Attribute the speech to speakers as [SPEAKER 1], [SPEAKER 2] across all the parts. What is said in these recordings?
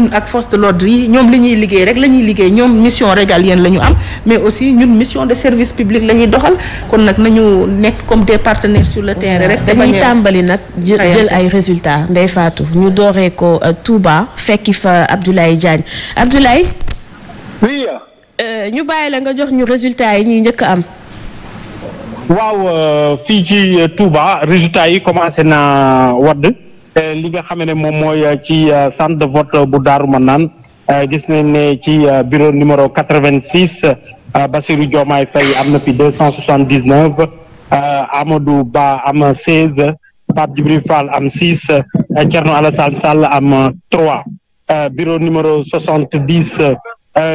[SPEAKER 1] ñun ak force de ñoom li ñuy liggéey rek la ñuy liggéey ñoom mission régalienne la ñu am mais aussi ñun mission de service public la ñuy doxal kon nag nañu nekk comme des partenaires sur le terrain rek dañuy
[SPEAKER 2] tàmbali nag jël ay résultats Ndeye Fatou ñu dooree ko euh, Touba fekki fa Abdoulaye Diagne Abdoulaye oui euh, ñu bàyyi la nga jox ñu résultat yi ñuy njëkk am
[SPEAKER 3] waaw euh, fii ci Touba résultats yi commencé na wadd li nga xam ne moom mooy euh, ci euh, centre de vote bu daar ma naan euh, gis nañ ne ci bureau numéro quatre-vingt-six Bassirou Diomaye Faye am na fi deux cent soixante-dix-neuf Amadou Ba am seize Pape Djibril am six Thierno Alassane Sall am trois bureau numéro soixante-dix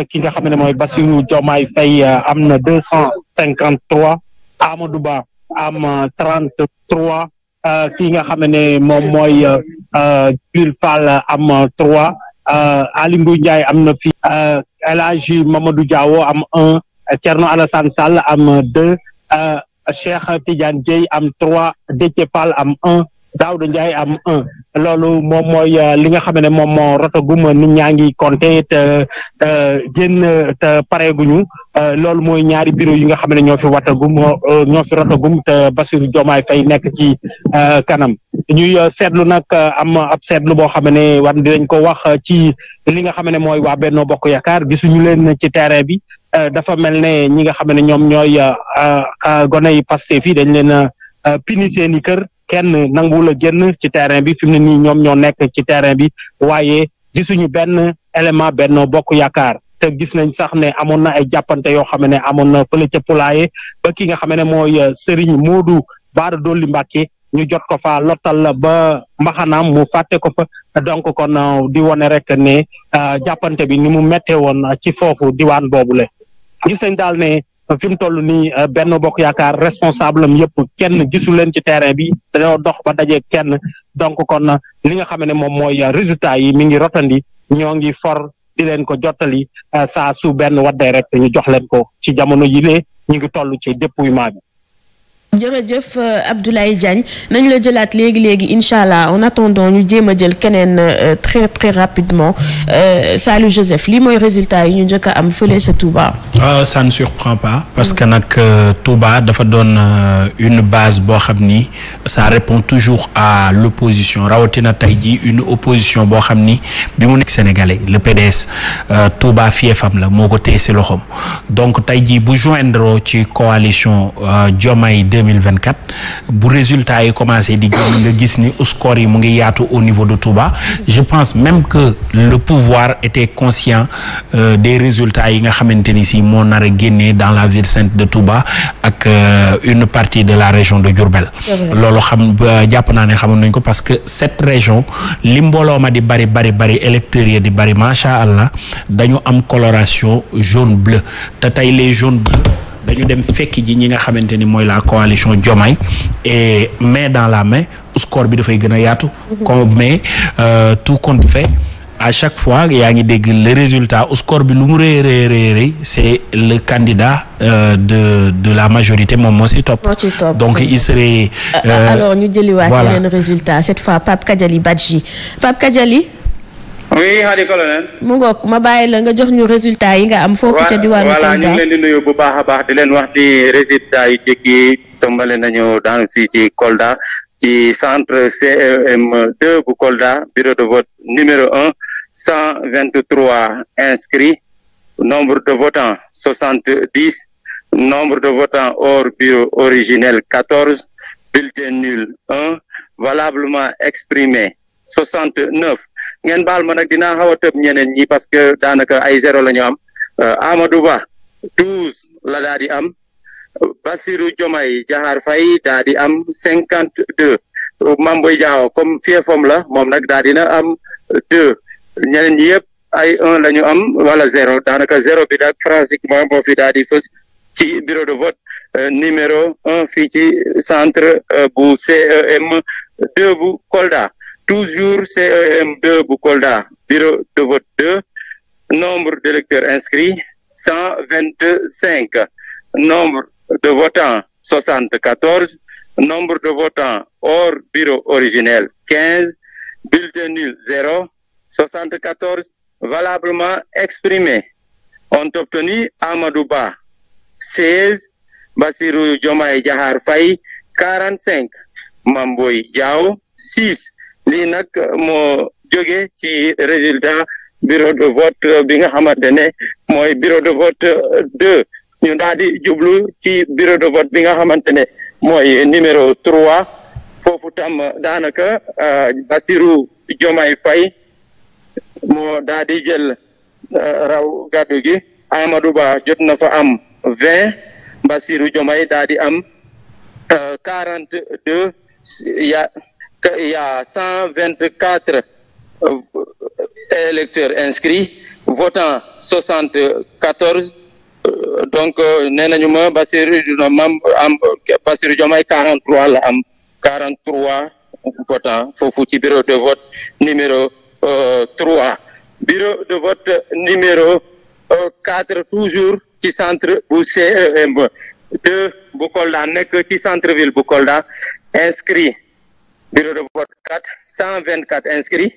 [SPEAKER 3] ki nga xam ne mooy Bassirou jomay Faye am na deux cent cinquante-trois Amadou Ba am trente-trois Euh, kii nga xam ne moom mooy Jules euh, euh, Fall am trois Aly Ngouille Ndiaye am na fi El Hadji Mamadou Diawo am un Thierno Alassane Sall am deux Cheikh Tidiane Dieye am trois Déthié Fall am un Daouda Ndiaye am un loolu moom mooy euh, li nga xam ne moom moo rotagum nit ñaa ngi compté te génn te pareeguñu euh, loolu mooy ñaari bureau yi nga xam ne ñoo fi watagum euh, ñoo fi rotagum te Bassirou Diomaye Faye nekk ci kanam ñu seetlu nag am ab seetlu boo xam ne war dinañ ko wax ci li nga xam ne mooy waa Benno Bokk Yaakaar gisuñu leen ci terrain bi dafa mel ne ñi nga xam ne ñoom ñooy gone yi Pastef yi dañ leen pini seeni kër kenn nanguwul a génn ci terrain bi fi mu ne nii ñoom ñoo nekk ci terrain bi waaye gisuñu benn élément benn Bokk Yaakaar te gis nañ sax ne amoon na ay jàppante yoo xam ne amoon na fële ca Poulaye ba ki nga xam ne mooy euh, Serigne Modou Bara Dolly Mbacké ñu jot ko fa lottal ba mbaxanaam mu fàtte ko fa donc kon euh, di wone rek ne euh, jàppante bi ni mu méttee woon ci foofu diwaan boobule gis nañ daal ne fi mu toll nii euh, benn bokk yaakaar responsable am yëpp kenn gisu leen ci terrain bi dañoo dox ba daje kenn donc kon li nga xama ne moom mooy euh, résultat yi mi ngi rotandi ñoo ngi for di leen ko jottali euh, saa su benn waddee rek ñu jox leen ko ci jamono yi lee ñu ngi toll ci dépouillement bi
[SPEAKER 2] jërëjëf euh, Abdoulaye Diagne nañ la jëlaat léegi léegi incha allah en attendant ñu jéem a jël keneen euh, très très rapidement euh, Salou Joseph lii mooy résultat yi ñu njëkk am fële sa Touba.
[SPEAKER 4] Ah, ça ne parce que nag Touba dafa doon une base boo xam ni ça répond toujours à l'opposition rawatina tey ji une opposition boo xam ni bi mu nekk Sénégalais le PDS Touba fiefam la moo ko téye si donc tey ji bu joindre ci coalition Diomaye mille vingt quatre bu résultat yi commencé di génn nga gis ni score yi mu ngi yaatu au niveau de Touba je pense même que le pouvoir était conscient euh, des résultats yi nga xamante ni si moo nar a dans la ville sainte de Touba ak euh, une partie de la région de Diourbel loolu xam euh, jàpp naa ne xamoon nañ ko parce que cette région li mbooloo ma di bari bari bari électeurs yi di bari macha allah dañu am coloration jaune bleu te tey les jaunes bleus dañu dem fekki ji ñi nga xamante ni mooy la coalition Diomaye et mais dans la mais score bi dafay gën a yaatu comme mais euh, tout compte fait à chaque fois yaa ngi dégg le résultat score bi lu mu rëy rëy rëy c'est le candidat euh, de de la majorité moom moo ci topp donc il serait euh, euh, alors ñu
[SPEAKER 2] jëliwaat yeneen résultat cette fois Pape Kadiali Badji Pape Kadiali
[SPEAKER 5] oui Khady Colonel.
[SPEAKER 2] mu ngoog ma bàyyi la nga jox ñu résultat yi nga am. foofu ca diwaanu Kolda voilà ñu ngi leen
[SPEAKER 5] di nuyu bu baax a baax di leen wax di résultat yi jékki tombale nañu daan fii ci Kolda ci centre CEM 2 bu Kolda bureau de vote numéro un cent vingt trois inscrits nombre de votants soixante dix nombre de votants hors bureau originel quatorze bulletin nul un valablement exprimé soixante neuf ngeen baal ma nag dinaa xaw a ñeneen ñi parce que daanaka ay zéro lañu am euh, Amadou Ba douze la daa am Bassirou Diomaye Diakhar Faye daa di am cinquante deux Mame Boye Diao comme fiefam la moom nag daa dina am deux ñeneen ñi yëpp ay un lañu am wala zéro daanaka zéro bi nag pratiquement moo fi daa di fës ci bureau de vote euh, numéro un fii ci centre euh, bu CEM deux bu Kolda toujours CEM2 bu Kolda bureau de vote 2 nombre d'électeurs inscrits cent vingt-cinq nombre de votants soixante-quatorze nombre de votants hors bureau originel quinze bulletin nul zéro soixante-quatorze valablement exprimés ont obtenu Amadou Ba seize Bassirou Diomaye Diakhar Faye quarante-cinq Mame Boye six lii nag moo jóge ci résultat bureau de vote bi nga xamantene ne mooy bureau de vote deux ñu daal jublu ci bureau de vote bi nga xamante ne mooy numéro trois foofu tam daanaka euh, Bassirou jomay Faye moo daal jël euh, raw gàddu gi Amadou Ba jot na fa am vingt Bassirou Diomaye daal am euh, quarante deux ya il y a 124 euh, électeurs inscrits, votant 74. Euh, donc, euh, nee nañu ma Bassirou Diomaye am Bassirou Diomaye 43 la am 43 votants foofu ci bureau de vote numéro 3. bureau de vote numéro 4 toujours ci centre bu CEM 2 bu Kolda nekk ci centre ville bu Kolda inscrit Bureau de vote vingt 124 inscrits.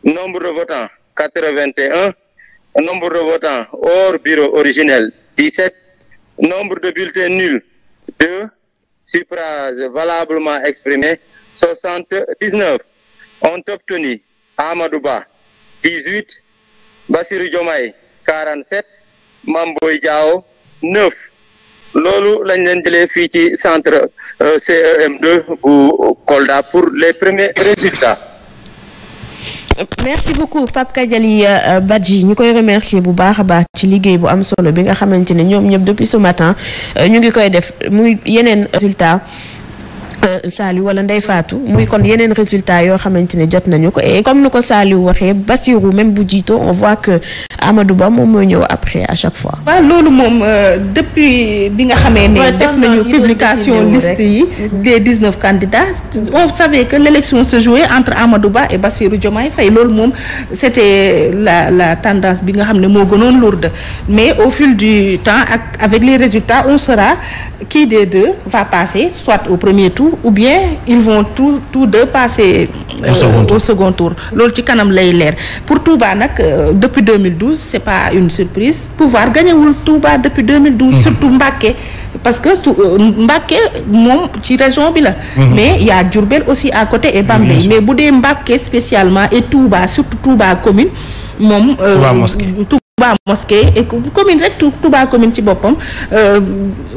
[SPEAKER 5] Nombre de votants 81. Nombre de votants hors bureau originel 17. Nombre de bulletins nuls 2. Suffrage valablement exprimé 79. Ont obtenu Amadouba 18. Bassirou Diomaye 47. Mamboy Diao 9. loolu lañ leen jëlee fii ci centre euh, CEM2 bu Kolda pour les premiers résultats.
[SPEAKER 2] merci beaucoup Pape Kadiali euh, euh, Badji ñu koy remercier bu baax a baax ci liggéey bu am solo bi nga xamante ne ñoom ñëpp depuis ce matin ñu ngi koy def muy yeneen résultat Saliou wala Ndeye Fatou muy kon yeneen résultat yoo xamante ne jot nañu ko et comme ni ko Saliou waxee Bassirou même bu jiitoo on voit que Amadou Ba moom mooy ñëw après à chaque fois.
[SPEAKER 1] waaw loolu moom euh, depuis bi ne def nañu publication liste yi mm-hmm. des dix neuf candidats l' élection se jouait entre Amadou Ba et Bassirou Diomaye Faye loolu moom c' la la tendance bi nga xam ne moo gënoon lourde mais au fil du temps ak avec les résultats on sera qui des deux va passer soit au premier tour ou bien ils vont tous tous deux passer au second euh, tour, second loolu ci kanam lay leer pour Touba nag euh, depuis 2012 c'est pas une surprise pouvoir wul Touba depuis 2012 mhm. surtout Mbacké parce que euh, Mbacké moom ci région bi la mhm. mais y a aussi à côté et Bambey mais bu dee Mbacké spécialement et Touba surtout Touba commune moom Touba mosquée Touba mosquée et commune rek Touba commune ci boppam euh,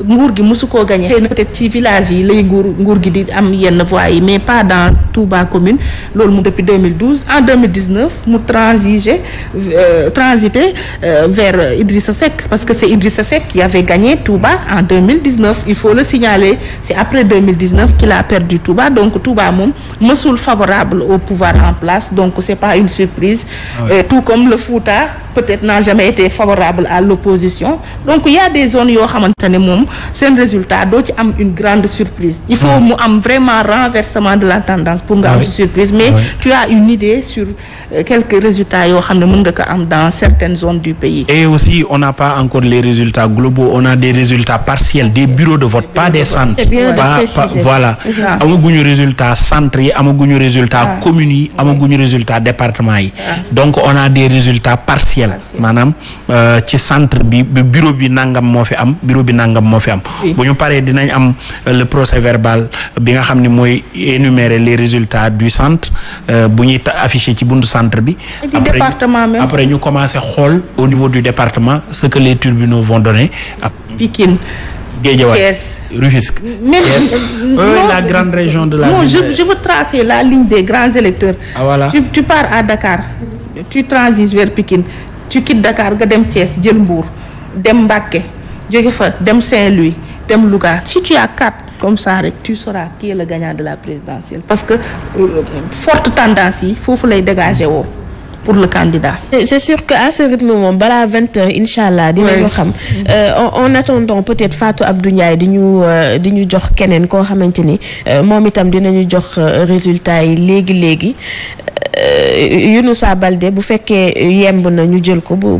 [SPEAKER 1] nguur gi mosu koo gagné xëy na ci village yi lay nguur nguur gi di am yenn voix yi mais pas dans Touba commune loolu mu depuis 2012 en 2019 mu transigé euh, transité euh, vers sa Seck parce que c'est Idrissa Seck qui avait gagné Touba en 2019 il faut le signaler c'est après 2019 qu'il a perdu Touba donc Touba moom mosul favorable au pouvoir en place donc c'est pas une surprise ah tout comme le Fouta peut-être n'a jamais été favorable à l'opposition donc il des zones yoo xamante ne moom seen résultat doo ci am une grande surprise il faut ah. mu am vraiment renversement de la tendance pour nga ah am surprise mais ah tu as une idée euh, yoo xam ne mën nga ko am dans certaines zones du pays et
[SPEAKER 4] aussi on n'a pas encore les résultats globaux on a des résultats partiels des bureaux de vote pas des centres pas voilà amaguñu résultat centres yi amaguñu résultat communes yi amaguñu résultat départements yi donc on a des résultats partiels partielle maanaam euh, ci centre bi bureau bi nangam moo fi am bureau bi nangam moo fi am bu ñu paree dinañ am euh, le procès verbal bi nga xam ni mooy énumérer les résultats du centre euh, bu ñuy affiché ci buntu centre bi après ñu commencé xool au niveau du département ce que les tribunaux vont donner ak Pikine Guédiawaye Rufisque la grande de
[SPEAKER 1] la ligne des grands électeurs ah, tu, tu à Dakar tu transites vers Pikine ci kit dakaar nga dem Thiès jël Mbour dem Mbacké jóge fa dem Saint-Louis dem Louga si tu as quatre comme ça rek tu sauras qui est le gagnant de la présidentielle parce que euh, forte tendance yi foofu lay dégager woo pour le candidat.
[SPEAKER 2] c'est sur que à ce rythme moom balaa vingt heures incha allah. dinañu xam euh, en attendant peut-être Fatou Abdou Ndiaye di ñu euh, di ñu jox keneen koo xamante ni moom itam dinañu jox résultat yi léegi léegi. Euh, Younoussa Baldé bu fekkee yemb na ñu jël ko bu.